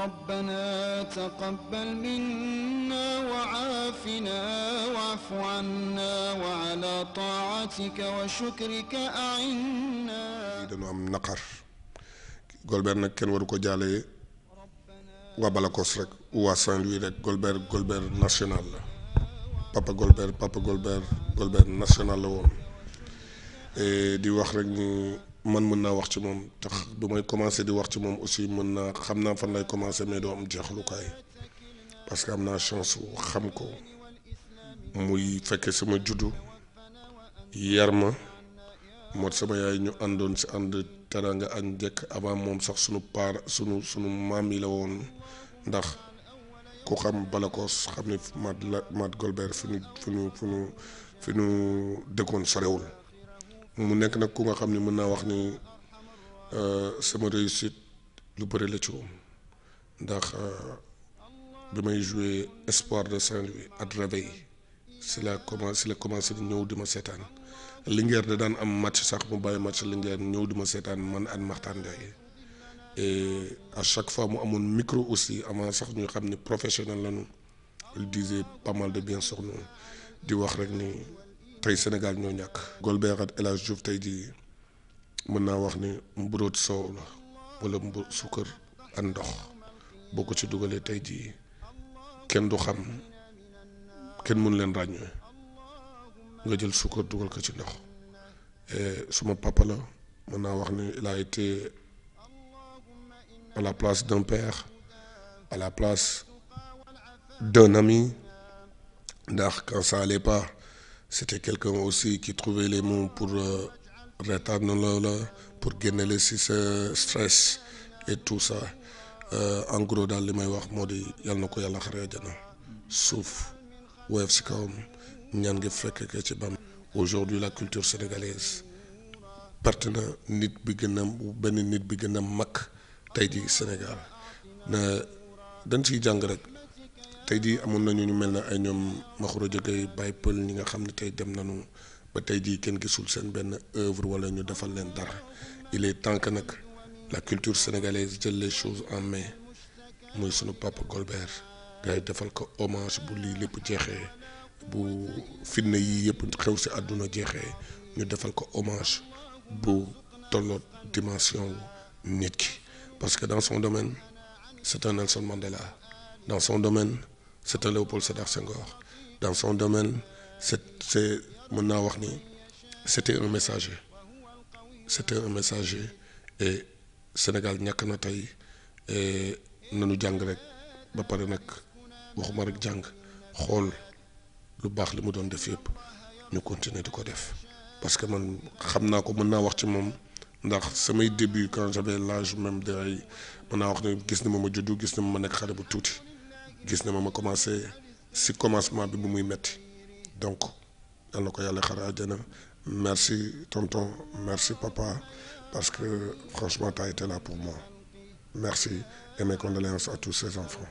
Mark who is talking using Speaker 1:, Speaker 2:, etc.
Speaker 1: ربنا تقبل منا وعافنا واعف عنا وعلى طاعتك وشكرك أعنا dañu am naqar Golbert nag kenn waru ko jaalee waa Balakos rek waa Saint-Louis rek Golbert national la papa Golbert papa Golbert national la woon eh, di wax rek ñu man mën naa wax ci moom tax bu may commencé di wax ci moom aussi mën naa xam naa fan lay commencé mais doo am jeexlukaay parce que am naa chance xam ko muy fekke sama juddu yar ma moo sama yaay ñu àndoon si ànd nga añ njëkk avant moom sax sunu paar sunu sunu maam yi la woon ndax ku xam Balakos xam ni Mat Mat Golbert fi ñu fi ñu fi ñu fi ñu dëkkoon sorewul mu nekk nag ko nga xam ne mën naa wax ni euh, sama réussite lu pare la ci moom ndax euh, bi may joué Espoir de Saint-Louis at Réveil si la commencé si commencé di ñëw di ma seetaan Linguère da daan am match sax mu bàyyi match Linguère ñëw di ma seetaan man ak maxtaan Ndiaye et à chaque fois mu amul micro aussi avant sax ñu xam ni professionnel lañu il disait pas mal de bien sur nous di wax rek ni. tey Sénégal ñoo ñàkk. Golbert ak El Hadj Diouf tey ji mën naa wax ni mburoot soow la wala mbu sukkër ak ndox boo ko ci dugalee tey jii kenn du xam kenn mënu leen ràññee nga jël sukkër dugal ko ci ndox suma papa la mën naa wax ni il a à la place d'un père à la place d'un ami ndax quand ça allait c'était quelqu'un aussi qui trouvait les moom pour euh, retaan loola pour génnele si sa euh, stress et tout sa euh, en gros daal li may wax moo di yàlla na ko yàlla xare àjjana suuf woyof si kawam ñaan ngi fekk ke ci bam aujourd'hui la culture sénégalaise perte nit bi gën a benn nit bi gën a mag tey ji Sénégal dañ ciy jàng rek tey jii amoon nañu ñu mel na ay ñoom Makhoury Diakay Baye Pël ñi nga xam ne tey dem nañu ba tey jii kenn gisul seen benn œuvre wala ñu defal leen dara il est temps que nag la culture sénégalaise jël les choses en mais muy sunu papa Golbert gars defal ko hommage bu lii lépp jeexee bu fitna yii yëpp xew si àdduna jeexee ñu defal ko hommage bu tolloot dimension nit ki parce que dans son domaine c'est un Nelson Mandela dans son domaine c'est un Léopold Sédar Senghor dans son domaine c'est c'est mën naa wax ni c'était un messager c'était un messager et Sénégal ñàkk na tey nañu jàng rek ba pare nag waxuma rek jàng xool lu baax li mu doon def yëpp ñu continuer di ko def parce que man xam naa ko mën naa wax ci moom ndax samay début quand j'avais l'âge même de ay mën naa wax ne gis ni ma ma juddu gis na ma ma nekk xale bu tuuti gis na ma ma commencé si commencement bi bu muy metti donc yal ko yàlla xara àjjana merci tonton merci papa parce que franchement tu as été pour moi merci et mes condoléances à tous ces enfants